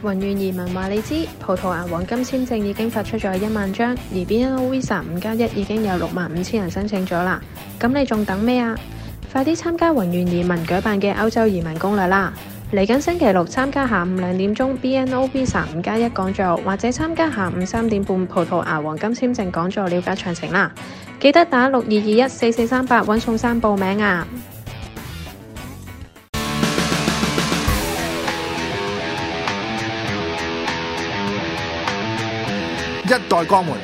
宏願移民話你知，葡萄牙黃金簽證已經發出咗一萬張，而 BNO Visa 五加一已經有六萬五千人申請咗啦，咁你仲等咩啊？快啲參加宏願移民舉辦嘅歐洲移民攻略啦！嚟緊星期六參加下午兩點鐘 BNO Visa 五加一講座，或者參加下午三點半葡萄牙黃金簽證講座了解詳情啦！記得打六二二一四四三八揾宋生報名啊！一代鋼門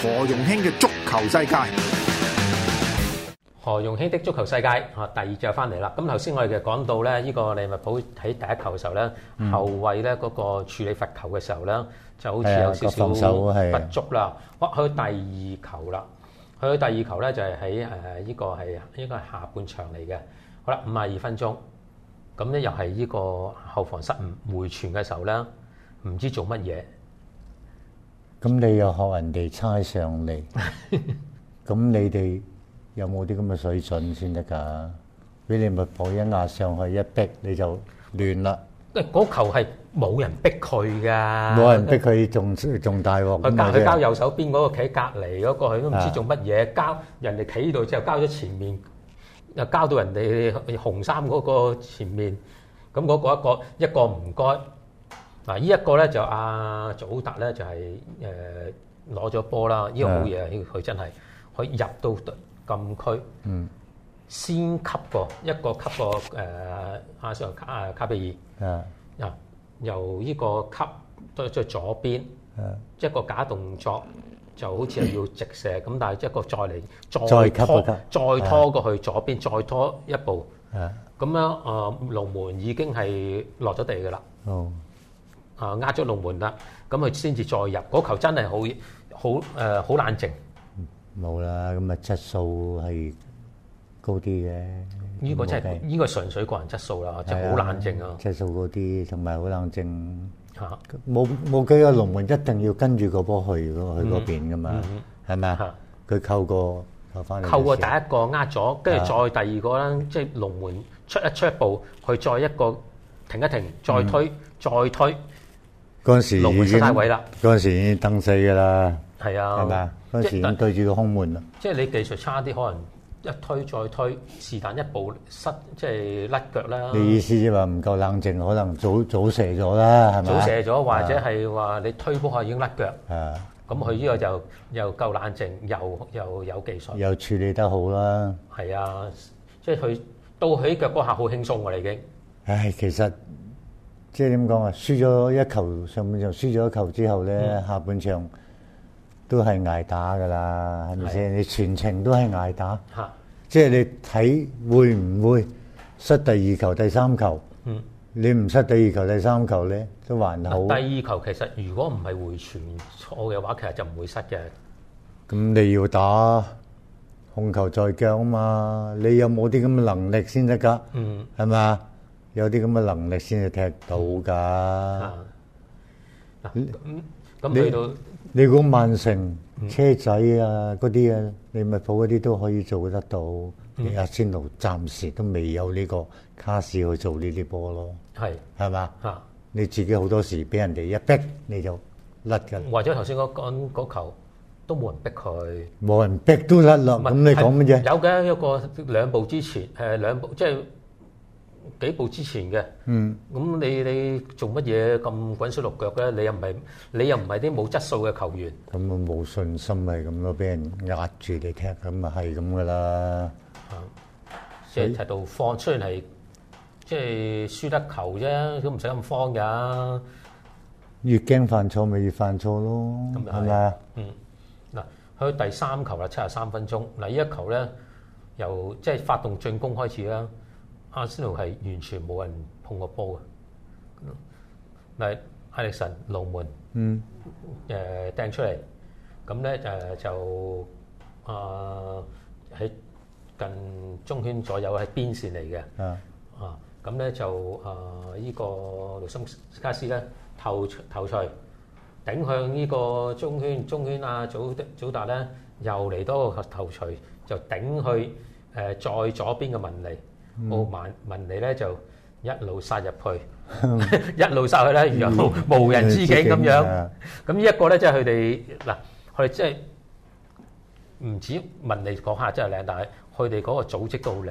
何容興嘅足球世界，何容興的足球世界啊！第二節翻嚟啦。咁頭先我哋就講到咧，呢個利物浦喺第一球嘅時候咧，嗯、後衛咧嗰個處理罰球嘅時候咧，就好似有少少手不足啦。哇，去、哦、第二球啦，去第二球咧就係喺誒呢個係應該係下半場嚟嘅。好啦，五十二分鐘，咁咧又係呢個後防失誤回傳嘅時候咧，唔知做乜嘢。咁你又學人哋猜上嚟，咁你哋有冇啲咁嘅水準先得㗎？俾你麥保一壓上去一逼，你就亂啦。嗰球係冇人逼佢㗎，冇人逼佢仲仲大鑊。佢交佢交右手邊嗰個企隔離嗰個，佢都唔知做乜嘢。交人哋企喺度之後，交咗前面又交到人哋紅衫嗰個前面，咁嗰個一個一個唔該。嗱，依一個咧就阿祖達咧就係誒攞咗波啦，依個好嘢，依個佢真係佢入到禁區，先吸過一個吸過誒阿上卡卡比爾，啊由依個吸對左邊，一個假動作就好似係要直射咁，但係一個再嚟再拖再拖過去左邊，再拖一步，咁樣啊龍門已經係落咗地㗎啦。啊！壓咗龍門啦，咁佢先至再入。嗰球真係好、好誒、好冷靜。冇啦，咁啊質素係高啲嘅。呢個真係呢個純粹個人質素啦，即係好冷靜啊。質素高啲，同埋好冷靜嚇。冇冇幾個龍門一定要跟住個波去咯，去嗰邊噶嘛？係咪啊？佢扣過扣翻扣過第一個壓咗，跟住再第二個啦。即係龍門出一出一步，佢再一個停一停，再推再推。嗰陣時已經嗰陣時已經蹬死㗎啦，係啊，嗰陣時已經對住個空門啦。即係你技術差啲，可能一推再推，是但一步失，即係甩腳啦。你意思即係話唔夠冷靜，可能早早射咗啦，係嘛？早射咗，或者係話你推波下已經甩腳。係啊，咁佢呢個就又夠冷靜，又又有技術，又處理得好啦。係啊，即係佢到佢起腳嗰下好輕鬆㗎啦，已經。唉，其實。即係點講啊？輸咗一球上半場，輸咗一球之後咧，下半場都係挨打噶啦，係咪先？你全程都係挨打。吓！即係你睇會唔會失第二球、第三球？嗯，你唔失第二球、第三球咧，都還好。第二球其實如果唔係回傳錯嘅話，其實就唔會失嘅。咁你要打控球在腳啊嘛？你有冇啲咁嘅能力先得噶？嗯，係咪？有啲咁嘅能力先至踢到㗎。嗱，咁你到你估曼城車仔啊嗰啲啊，利物浦嗰啲都可以做得到。你阿仙奴暫時都未有呢個卡士去做呢啲波咯。係係嘛？嚇！你自己好多時俾人哋一逼你就甩㗎。或者頭先嗰嗰嗰球都冇人逼佢，冇人逼都甩落。咁你講乜嘢？有嘅一個兩步之前，誒兩步即係。幾步之前嘅，嗯，咁你你做乜嘢咁滾水淥腳咧？你又唔係你又唔係啲冇質素嘅球員，咁啊冇信心咪咁咯，俾人壓住你踢，咁啊係咁噶啦。即係提到慌，雖然係即係輸得球啫，都唔使咁慌噶。越驚犯錯咪越犯錯咯，咁咪係咪啊？嗯，嗱，去第三球啦，七十三分鐘。嗱，呢一球咧，由即係發動進攻開始啦。阿斯諾係完全冇人碰過波嘅。嗱、mm，艾力神龍門，嗯，誒掟出嚟咁咧，誒、呃、就啊喺、呃、近中圈左右喺邊線嚟嘅，Yeah. 啊，啊咁咧就啊依、呃這個盧森卡斯咧頭頭槌頂向呢個中圈，中圈阿、啊、祖祖達咧又嚟多個頭槌，就頂去誒、呃、再左邊嘅文尼。我問問你咧，就一路殺入去，一路殺去咧，如無人之境咁樣。咁呢一個咧，即係佢哋嗱，佢哋即係唔止問你講下真係靚，但係佢哋嗰個組織都好靚。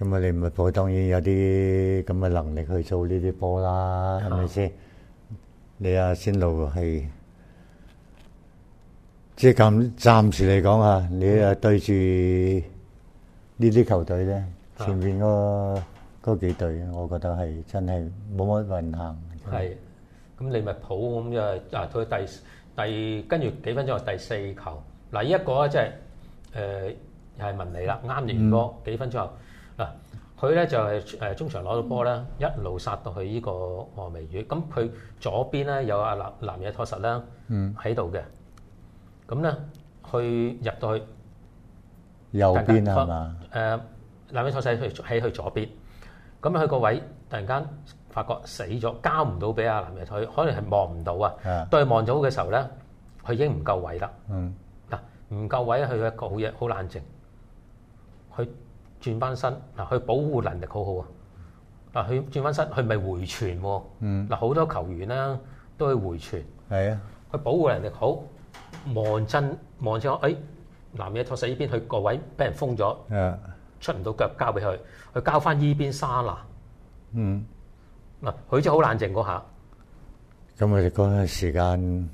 咁啊，你唔係當然有啲咁嘅能力去做呢啲波啦，係咪先？你阿仙奴係即係咁暫時嚟講啊，你啊對住呢啲球隊咧？前面嗰幾隊，我覺得係真係冇乜運行。係，咁你咪抱咁就啊！佢第第跟住幾分鐘，第四球嗱，呢一個咧即係誒又係文李啦，啱完波幾分鐘後嗱，佢咧就係誒中場攞到波啦，一路殺到去呢個河尾魚。咁佢左邊咧有阿男男嘢託實啦，喺度嘅。咁咧去入到去右邊啊嘛？誒。南野拓實喺佢左邊，咁佢個位突然間發覺死咗，交唔到俾阿南野拓實，可能係望唔到啊。對望 Yeah. 到嘅時候咧，佢已經唔夠位啦。嗱，唔夠位，佢嘅個好嘢好冷靜，佢轉翻身嗱，佢保護能力好好啊。嗱，佢轉翻身，佢咪回傳喎。嗱，好多球員啦都去回傳，係啊，佢保護能力好，望真望咗，誒、哎，南野拓實呢邊佢個位俾人封咗。Yeah. 出唔到腳交，交俾佢，佢交翻依邊沙啦。嗯。嗱，佢真係好冷靜嗰下。咁、嗯、我哋嗰陣時間，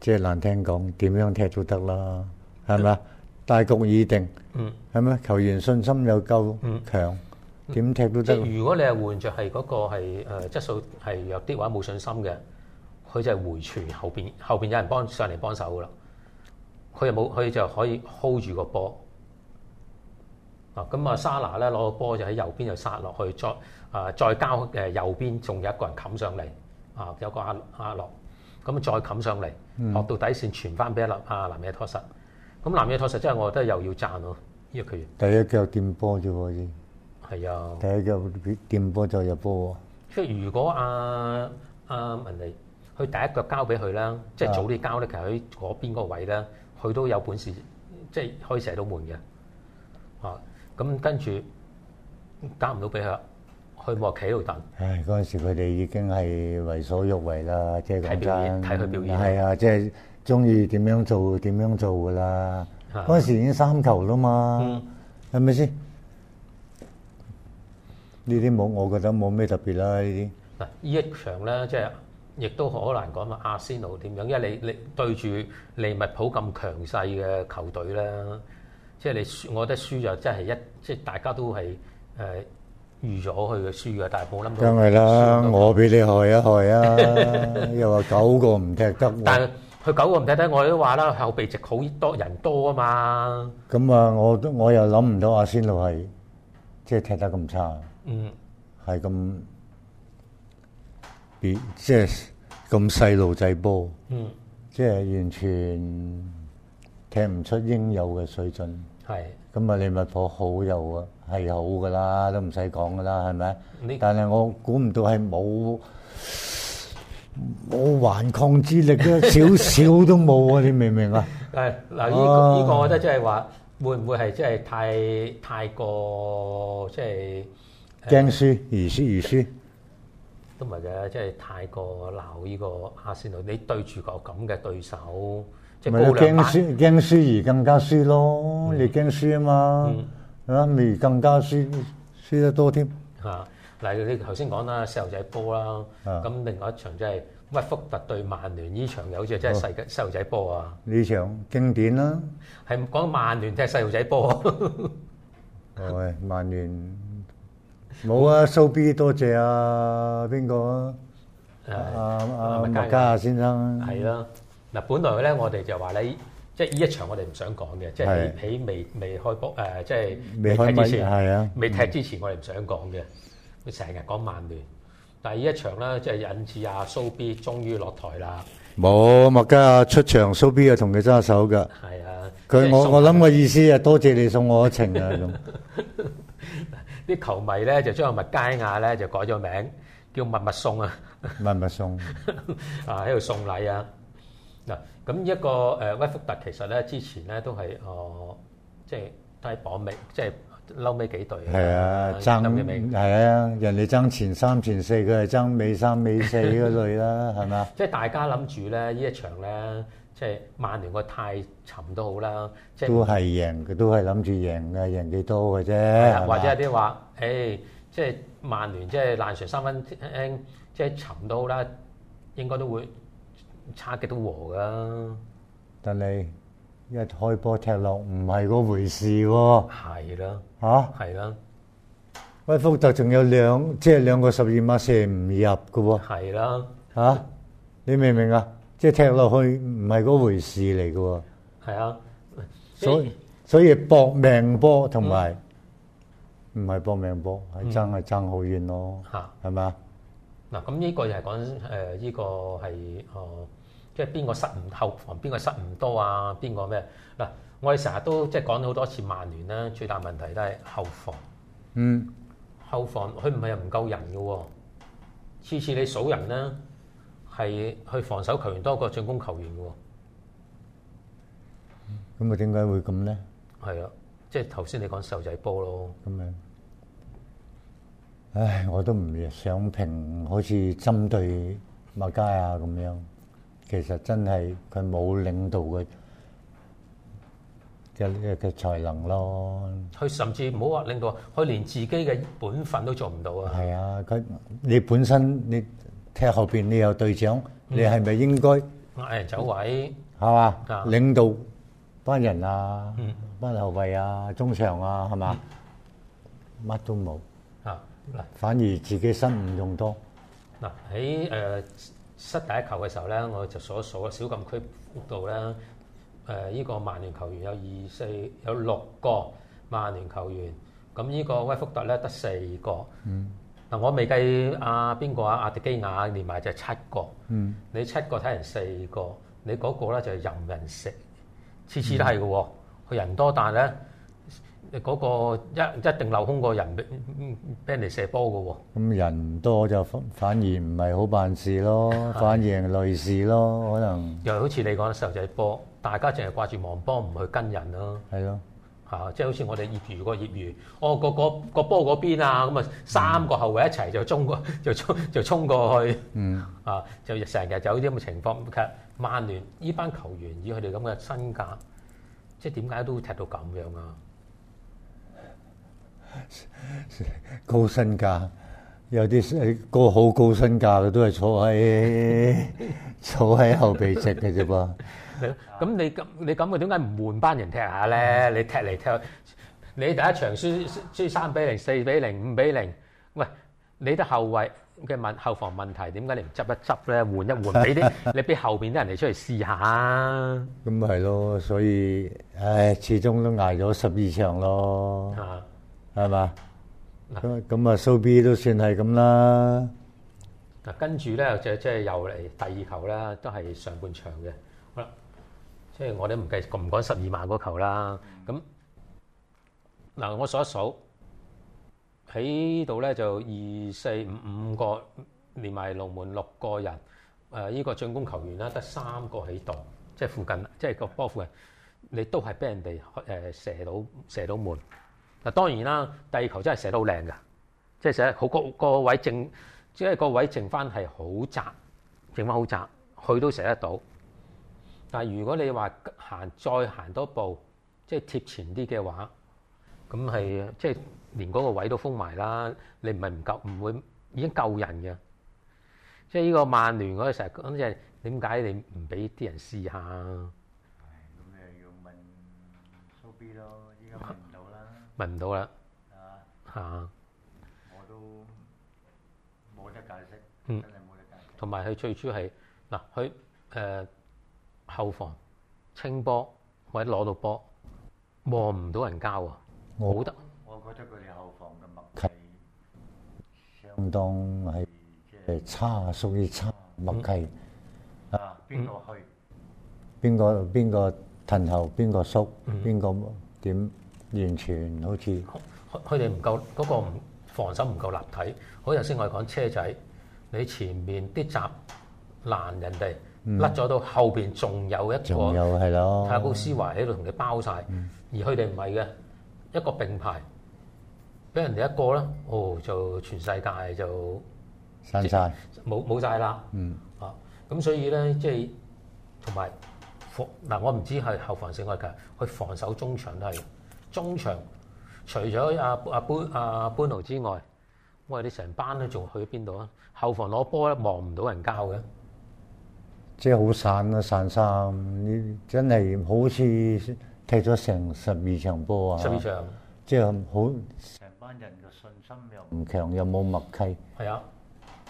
即係難聽講點樣踢都得啦，係咪啊？嗯、大局已定。嗯。係咪啊？球員信心又夠強，點、嗯、踢都得。即係如果你係換着係嗰個係誒、呃、質素係弱啲或者冇信心嘅，佢就係回傳後邊，後邊有人幫上嚟幫手噶啦。佢又冇，佢就可以 hold 住個波。啊，咁啊，沙拿咧攞個波就喺右邊就殺落去，再啊再交誒右邊，仲有一個人冚上嚟，啊有個阿阿樂，咁啊再冚上嚟，落、嗯、到底線傳翻俾阿阿南野拓實，咁南野拓實即係我覺得又要讚喎呢一個月。第一腳掂波啫喎已經。係啊。第一腳掂波就入波喎。即係、啊啊、如果阿、啊、阿、啊、文尼佢第一腳交俾佢啦，啊、即係早啲交咧，其實喺嗰邊嗰個位咧，佢都有本事，即係可以射到門嘅，啊。咁跟住打唔到俾佢，佢咪企喺度等？唉，嗰陣時佢哋已經係為所欲為啦，即係睇佢表演，係啊，即係中意點樣做點樣做噶啦。嗰陣時已經三球啦嘛，係咪先？呢啲冇，我覺得冇咩特別啦。呢啲嗱，呢一場咧，即係亦都好難講啊。阿仙奴點樣？因為你你對住利物浦咁強勢嘅球隊咧，即係你輸，我覺得輸就真係一。即係大家都係誒、呃、預咗佢嘅輸嘅，但係，冇諗到。梗係啦，我俾你害一害啊！ 又話九個唔踢得。但係佢九個唔踢得，我都話啦，後備席好多人多啊嘛。咁啊，我都我又諗唔到阿仙奴係即係踢得咁差。嗯，係咁，即係咁細路仔波。嗯，即係完全踢唔出應有嘅水準。係、嗯。咁啊，利物浦好，好，好這個 有，啊，係好噶啦，都唔使講噶啦，係咪？但係我估唔到係冇冇頑抗之力咧， 少少都冇啊！你明唔明啊？誒嗱，依呢依個，我覺得即係話會唔會係即係太太過即係驚輸，輸輸輸輸都唔係嘅，即係太過鬧呢個阿仙奴，你對住個咁嘅對手。冇咯，驚輸，驚輸而更加輸咯！是的 你驚輸啊嘛，啊未更加輸，輸得多添。嚇！嗱，你頭先講啦，細路仔波啦，咁另外一場即係屈福特對曼聯呢場，有隻真係世界細路仔波啊！呢好 場經典啦，係講曼聯踢細路仔波。喂，曼聯冇啊蘇 B、啊 哦哎啊、多謝啊，邊個？阿阿麥佳亞先生。係啦。嗱，本來咧我哋就話咧，即係呢一場我哋唔想講嘅，即係喺未未開波誒，即係未踢之前，未踢之前我哋唔想講嘅。佢成日講曼聯，但係呢一場咧，即係引致阿蘇 B 終於落台啦。冇麥佳亞出場，蘇 B 又同佢揸手㗎。係啊，佢我我諗嘅意思啊，多謝你送我一程啊咁。啲球迷咧就將麥佳亞咧就改咗名，叫麥麥送啊。麥麥送啊，喺度送禮啊。嗱，咁一個誒威福特其實咧，之前咧都係哦，即係低榜尾，即係嬲尾幾隊。係啊，爭名係啊，人哋爭前三、前四，佢係爭尾三、尾四嗰類啦，係咪？即係大家諗住咧，依一場咧，即係曼聯個太沉都好啦。都係贏，都係諗住贏嘅，贏幾多嘅啫。或者有啲話，誒，即係曼聯，即係爛船三分，即係沉都好啦，應該都會。差極都和噶，但你一開波踢落唔係嗰回事喎。係啦，嚇，係啦，威福特仲有兩，即係兩個十二碼射唔入㗎喎。係啦，嚇，你明唔明啊？即係踢落去唔係嗰回事嚟㗎喎。係啊，所以所以搏命波同埋唔係搏命波，係爭係爭好遠咯，嚇，係咪？嗱，咁呢個又係講誒，呢、呃這個係哦、呃，即係邊個失誤後防，邊個失誤多啊？邊個咩？嗱，我哋成日都即係講咗好多次曼聯啦，最大問題都係後防。嗯，後防佢唔係又唔夠人嘅喎、哦，次次你數人咧，係去防守球員多過進攻球員嘅喎、哦。咁啊、嗯，點解會咁咧？係啊，即係頭先你講瘦仔波咯。咁樣、嗯。嗯嗯唉，我都唔想評，好似針對麥佳亞啊咁樣。其實真係佢冇領導嘅嘅嘅才能咯。佢甚至唔好話領導，佢連自己嘅本分都做唔到啊。係啊，佢你本身你踢後邊，你有隊長，嗯、你係咪應該嗌人走位？係嘛吧，啊、領導班人啊，嗯、班後衞啊，中場啊，係嘛，乜、嗯、都冇。嗱，反而自己身唔用多。嗱，喺誒失第一球嘅時候咧，我就數一數啦，小禁區度咧，誒、呃、依、這個曼聯球員有二四有六個曼聯球員，咁、這、呢個威福特咧得四個。嗯。嗱，我未計阿邊個啊，阿、啊、迪基亞連埋就係七個。嗯。你七個睇人四個，你嗰個咧就係、是、任人，人食，次次都係嘅喎。佢、嗯、人多呢，但係咧。嗰個一一定漏空個人俾俾人哋射波嘅喎。咁人多就反反而唔係好辦事咯， 反而累事咯，可能。又好似你講嘅細路仔波，大家淨係掛住望波，唔去跟人咯、啊。係咯的，嚇、啊，即係好似我哋業餘個業餘，哦個個個波嗰邊啊，咁啊三個後衞一齊就衝過就衝、嗯、 就衝過去。嗯。啊，就成日有啲咁嘅情況。其實曼聯呢班球員以佢哋咁嘅身價，即係點解都會踢到咁樣啊？高身價，有啲高好高身價嘅都係坐喺坐喺後備席嘅啫噃。咁你咁你咁嘅點解唔換班人踢下咧？嗯、你踢嚟踢去，你第一場輸輸三比零、四比零、五比零，喂，你得後衛嘅問後防問題，點解你唔執一執咧？換一換，俾啲你俾後邊啲人嚟出嚟試下啊！咁咪係咯，所以唉，始終都挨咗十二場咯。 係嘛？咁咁啊，蘇 B 都算係咁啦。嗱，跟住咧，就即係又嚟第二球啦，都係上半場嘅。好啦，即係我哋唔計唔講十二碼嗰球啦。咁嗱，我數一數喺度咧，就二四五五個連埋龍門六個人。誒，呢個進攻球員啦，得三個喺度，即係附近，即係個波附近，你都係俾人哋誒射到射到門。嗱，當然啦，第二球真係射得好靚噶，即係射得好個個位剩，即係個位剩翻係好窄，剩翻好窄，佢都射得到。但係如果你話行再行多步，即係貼前啲嘅話，咁係即係連嗰個位都封埋啦。你唔係唔夠，唔會已經夠人嘅。即係呢個曼聯嗰啲成日講嘢，點解你唔俾啲人試下？咁你又要問蘇 B 咯？依家。聞唔到啦，嚇！我都冇得解釋，真係冇得解釋。同埋佢最初係嗱，佢誒後防清波或者攞到波，望唔到人交啊，冇得。我覺得佢哋後防嘅默契相當係即係差，屬於差默契。啊，邊個去？邊個邊個騰後？邊個縮？邊個點？完全好似佢哋唔夠嗰、嗰個唔防守唔夠立體。好，頭先我哋講車仔，你前面啲閘攔人哋甩咗到後邊，仲有一個泰布思懷喺度同你包晒，而佢哋唔係嘅一個並排俾人哋一個啦，哦就全世界就散曬冇冇曬啦。嗯、啊咁，所以咧即係同埋防嗱，我唔知係後防性愛嘅，佢防守中場都係。中場除咗阿阿般阿般奴之外，我、哎、話你成班都仲去咗邊度啊？後防攞波咧望唔到人交嘅，即係好散啦，散衫，真係好似踢咗成十二場波啊！十二場，即係好成班人嘅信心又唔強，又冇默契，係啊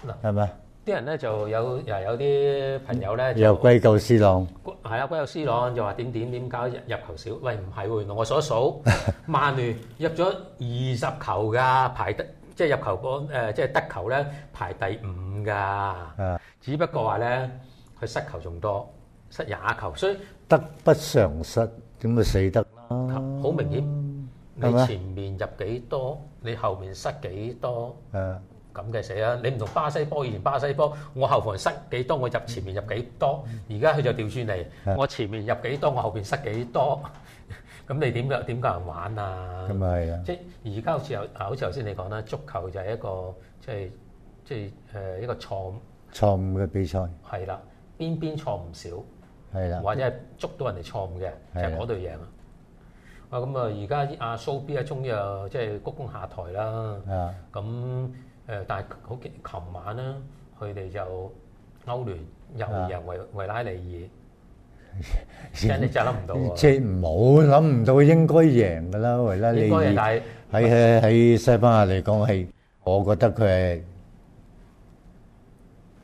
的，嗱，係咪？啲人咧就有又有啲朋友咧，又歸咎斯朗，係啊，歸咎斯朗就話點點點搞入入球少。喂唔係喎，原來我所數曼聯入咗二十球噶，排得即係入球榜誒即係得球咧排第五噶，只不過話咧佢失球仲多，失廿球，所以得不償失，點會死得啦？好明顯，你前面入幾多，你後面失幾多？咁嘅寫啦，你唔同巴西波，以前巴西波，我後防塞幾多，多，我入前面入幾多，多，而家佢就調轉嚟，我前面入幾多，多，我後邊塞幾多，多，咁、 嗯、你點夠點夠人玩啊？咁咪係啊！即係而家好似又，好似頭先你講啦，足球就係一個、就是、即係即係誒一個錯誤錯誤嘅比賽，係啦，邊邊錯誤少，係啦的，或者係捉到人哋錯誤嘅，就嗰、是、隊贏的啊！啊咁啊，而家阿蘇 B 啊終於又即係鞠躬下台啦，的的啊咁。誒，但係好勁！琴晚咧，佢哋就歐聯又贏維維拉利爾，真係你就諗唔到，即係冇諗唔到應該贏嘅啦，維拉利爾。喺喺喺西班牙嚟講係，我覺得佢係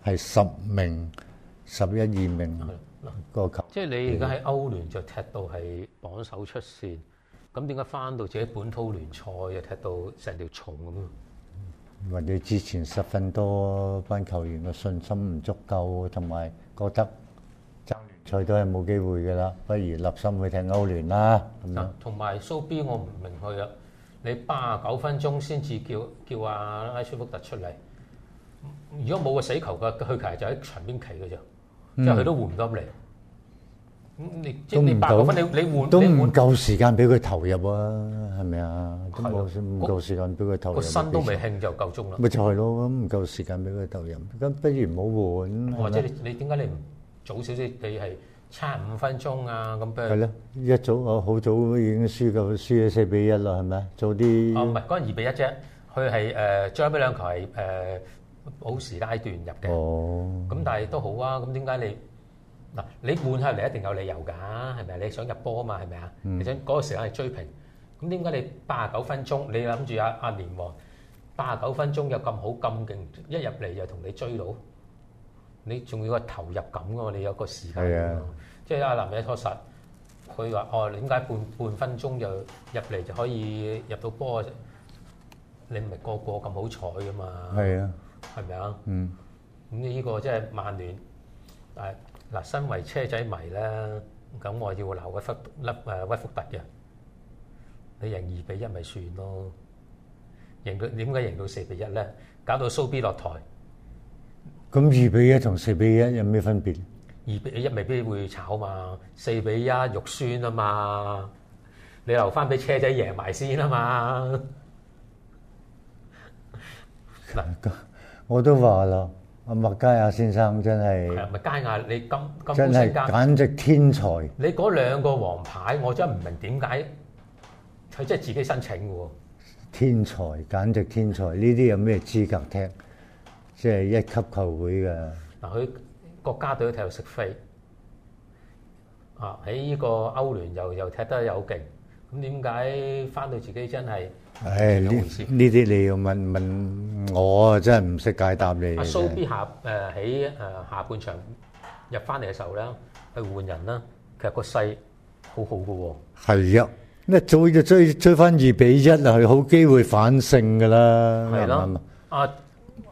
係十名、十一二名個級。即係你而家喺歐聯就踢到係榜首出線，咁點解翻到自己本土聯賽又踢到成條蟲咁？或者之前十分多班球員嘅信心唔足夠，同埋覺得爭聯賽都係冇機會嘅啦，不如立心去踢歐聯啦，同埋蘇 B 我唔明佢啦，你八啊九分鐘先至叫叫阿埃、啊、舒福特出嚟，如果冇個死球嘅，佢其實就喺場邊企嘅啫，就佢、嗯、都換唔到嚟。都唔到，都唔夠時間俾佢投入啊，係咪啊？都冇唔夠時間俾佢投。個身都未興就夠鐘啦。咪就係咯，咁唔夠時間俾佢投入，咁不如唔好換。或者你你點解你唔早少少？你係差五分鐘啊？咁不如。係咯，一早我好早已經輸夠，輸咗四比一啦，係咪啊？早啲。哦，唔係嗰陣二比一啫，佢係誒將比兩球係誒保時階段入嘅。哦。咁但係都好啊，咁點解你？嗱，你換下嚟一定有理由㗎，係咪你想入波啊嘛，係咪啊？嗯，你想嗰個時間嚟追平。咁點解你八啊九分鐘你諗住阿阿連王，八啊九分鐘又咁好咁勁一入嚟就同你追到？你仲要個投入感㗎喎？你有個時間㗎喎係即係阿林野初實佢話哦，點解半半分鐘就入嚟就可以入到波？你唔係個個咁好彩㗎嘛？係啊，係，係咪啊？嗯，咁你依個即係曼聯，但係。嗱，身為車仔迷咧，咁我要留個忽粒誒屈福特嘅，你贏二比一咪算咯，贏到點解贏到四比一咧？搞到蘇 B 落台，咁二比一同四比一有咩分別？二比一未必會炒嘛，四比一肉酸啊嘛，你留翻俾車仔贏埋先啊嘛，嗱 我都話啦。阿麥嘉亞先生真係麥嘉亞，你今今真係簡直天才。你嗰兩個黃牌，我真係唔明點解佢真係自己申請嘅喎？天才，簡直天才！呢啲有咩資格踢？即係一級球會嘅嗱，佢國家隊踢到食飛啊，喺呢個歐聯又又踢得有勁。咁點解翻到自己真係？唉，呢呢啲你要問問我啊，真係唔識解答你。阿蘇 B 下誒喺誒下半場入翻嚟嘅時候咧，去換人啦。其實個勢好好嘅喎。係呀，一早就追追翻二比一啊！佢好機會反勝嘅啦。係咯，阿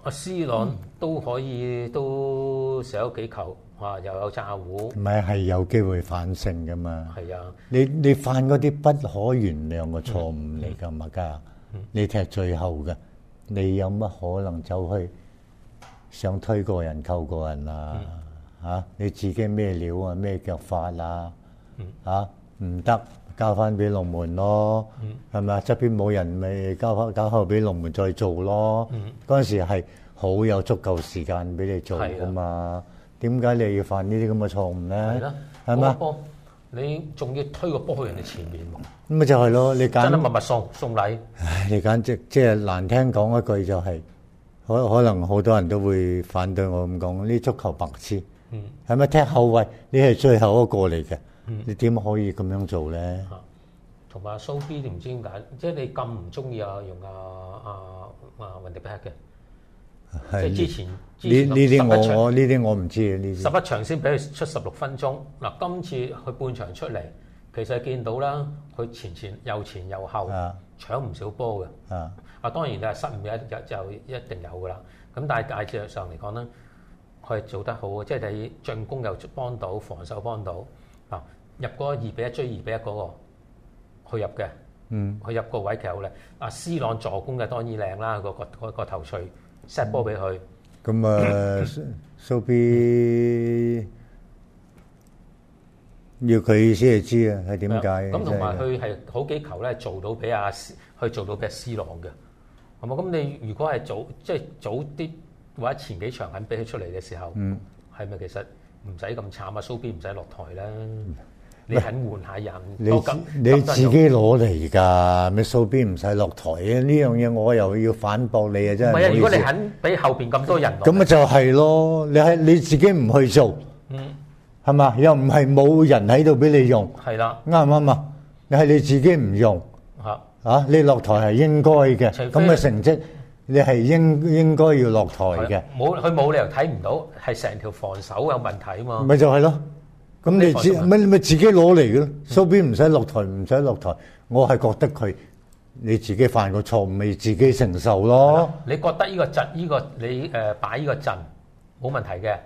阿斯朗、嗯、都可以都射咗幾球。哇！又有炸糊，唔係係有機會反省㗎嘛？係啊！你你犯嗰啲不可原諒嘅錯誤嚟㗎嘛，家下、嗯嗯、你踢最後嘅，你有乜可能走去想推過人扣過人啊？嚇、嗯啊！你自己咩料啊？咩腳法啊？嚇唔得，交翻俾龍門咯，係咪啊？側邊冇人咪交交後俾龍門再做咯。嗰陣、嗯嗯、時係好有足夠時間俾你做㗎嘛。點解你又要犯呢啲咁嘅錯誤咧？係咯，係嘛？你仲要推個波去人哋前面喎！咁咪就係咯，你簡真係密密送送禮。唉，你簡直即係難聽講一句就係，可可能好多人都會反對我咁講，呢足球白痴。嗯，係咪踢後衞？你係最後一個嚟嘅，你點可以咁樣做咧？同埋阿蘇 B，唔知點解，即係你咁唔中意阿用啊啊啊雲迪碧克嘅？即之前，呢呢啲我呢啲我唔知呢十一場先俾佢出十六分鐘。嗱，今次佢半場出嚟，其實見到啦，佢前前又前又後，搶唔少波嘅。啊，啊當然就係失誤，一日就一定有噶啦。咁但係大致上嚟講咧，佢做得好，即係你進攻又幫到，防守幫到。啊，入嗰二比一追二比一嗰、嗰個，佢入嘅，嗯，佢入個位其實好靚。啊，C 朗助攻嘅當然靚啦，嗰個個個、嗰個頭槌。Set 波俾佢，咁啊、嗯，蘇蘇 B 要佢先係知啊，係點解？咁同埋佢係好幾球咧做到俾阿 C，去做到嘅 C 朗嘅，係嘛？咁你如果係早即係、就是、早啲或者前幾場肯俾佢出嚟嘅時候，係咪、嗯、其實唔使咁慘啊？蘇 B 唔使落台啦。嗯。你肯換下人，你你自己攞嚟噶，咩蘇 B 唔使落台啊？呢樣嘢我又要反駁你啊！真係，如果你肯俾後邊咁多人，咁咪就係咯。你係你自己唔去做，係嘛？又唔係冇人喺度俾你用，係啦，啱唔啱啊？你係你自己唔用，嚇啊！你落台係應該嘅，咁嘅成績你係應應該要落台嘅。冇，佢冇理由睇唔到，係成條防守有問題啊嘛。咪就係咯。咁你自咩？你咪不自己攞嚟嘅咯，蘇 B 唔使落台，唔使落台。我係覺得佢你自己犯個錯誤，咪自己承受咯。你覺得呢、呢個呢個呃、個陣呢個你誒擺呢個陣冇問題嘅，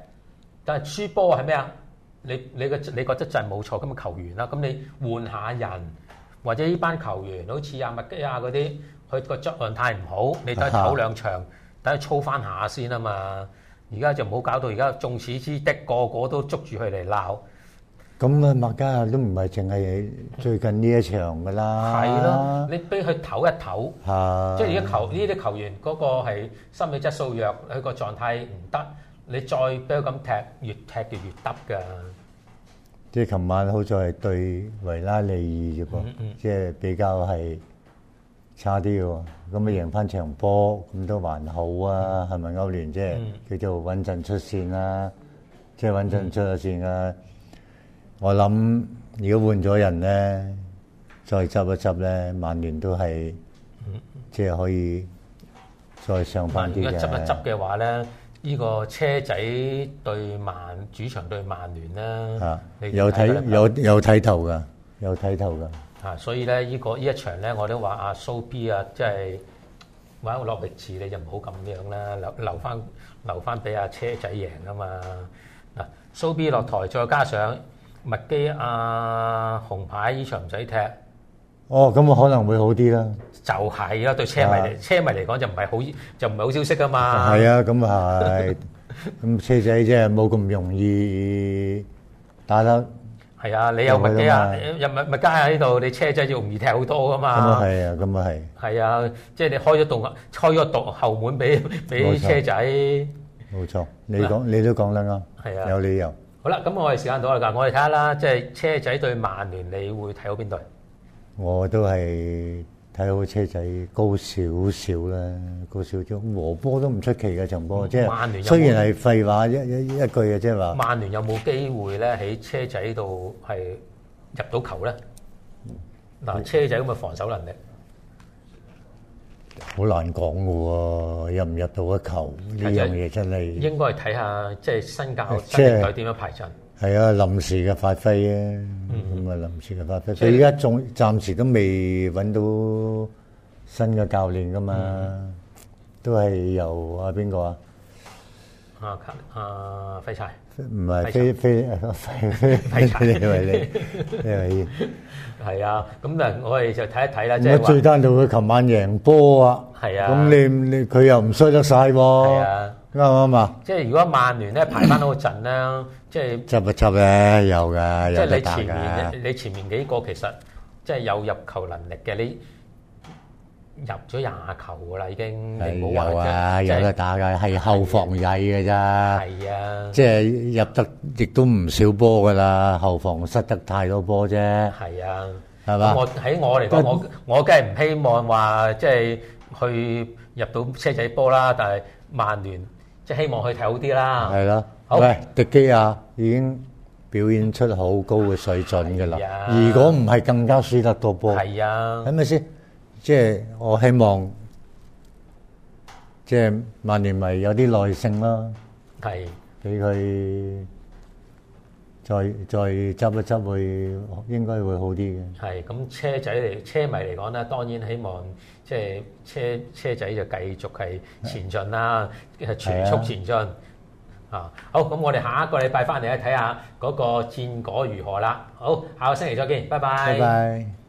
但係輸波係咩啊？你你嘅你覺得陣冇錯，咁啊球員啦，咁你換下人，或者呢班球員好似阿麥佳亞嗰啲，佢個質量太唔好，你都係唞兩場，啊、哈等佢操翻下先啊嘛。而家就唔好搞到而家眾矢之的，個個都捉住佢嚟鬧。咁啊，麥佳亞都唔係淨係最近呢一場噶啦。係咯，你俾佢唞一唞，即係如果球呢啲球員嗰個係心理質素弱，佢個狀態唔得，你再俾佢咁踢，越踢越越耷噶。即係琴晚好似係對維拉利爾啫噃，即係比較係差啲喎。咁啊贏翻場波咁都還好啊，係咪歐聯啫？叫做穩陣出線啦，即係穩陣出咗線啊！我諗，如果換咗人咧，再執一執咧，曼聯都係即係可以再上翻啲嘅。執一執嘅話咧，呢、這個車仔對曼主場對曼聯咧，嚇有睇有有睇頭噶，有睇頭噶嚇、啊。所以咧、這個，呢個呢一場咧，我都話阿、啊、蘇 B 啊，即、就、係、是、玩落逆市你就唔好咁樣啦，留留翻留翻俾阿車仔贏嘛啊嘛嗱。蘇 B 落台再加上、嗯。加上麥佳亞，紅牌呢場唔使踢。哦，咁啊，可能會好啲啦。就係啦，對車迷嚟，車迷嚟講就唔係好，就唔係好消息噶嘛。係啊，咁啊，咁車仔即係冇咁容易打得。係啊，你有麥佳亞，又麥麥加喺度，你車仔就容易踢好多噶嘛。咁啊係啊，咁啊係。係啊，即係你開咗道，開咗道後門俾俾車仔。冇錯，你講你都講得啱，有理由。好啦，咁我哋時間到啦㗎，我哋睇下啦，即係車仔對曼聯，你會睇好邊隊？我都係睇好車仔高少少啦，高少少。和波都唔出奇嘅場波，即係雖然係廢話一一一句嘅，即係話。曼聯有冇機會咧喺車仔度係入到球咧？嗱，車仔咁嘅防守能力。好難講嘅喎，入唔入到一球呢樣嘢真係，應該係睇下即係、就是、新教、就是、新教練點樣排陣。係啊，臨時嘅發揮啊，咁啊臨時嘅發揮。佢而家仲暫時都未揾到新嘅教練噶嘛，嗯嗯都係由啊邊個啊？啊卡啊廢柴！唔係飛飛啊廢飛！廢柴因為你因為係啊，咁但係我哋就睇一睇啦，即係話最慘就佢琴晚贏波啊，係啊，咁你你佢又唔衰得曬喎，啱唔啱啊？即係如果曼聯咧排翻好陣咧，即係執一執嘅有㗎，即係你前面，你前面幾個其實即係有入球能力嘅你。入咗廿球噶啦，已經冇有啊，有得打噶，係後防弱嘅咋，係啊，即係入得亦都唔少波噶啦，後防失得太多波啫，係啊，係嘛？我喺我嚟講，我我梗係唔希望話即係去入到車仔波啦，但係曼聯即係希望去睇好啲啦，係啦，喂迪基亞已經表現出好高嘅水準噶啦，如果唔係更加輸得多波，係啊，係咪先？即係我希望，即係曼聯咪有啲耐性咯，係俾佢再再執一執，會應該會好啲嘅。係咁車仔嚟，車迷嚟講咧，當然希望即係車車仔就繼續係前進啦，全速前進啊！好，咁我哋下一個禮拜翻嚟咧睇下嗰個戰果如何啦。好，下個星期再見，拜拜。拜拜。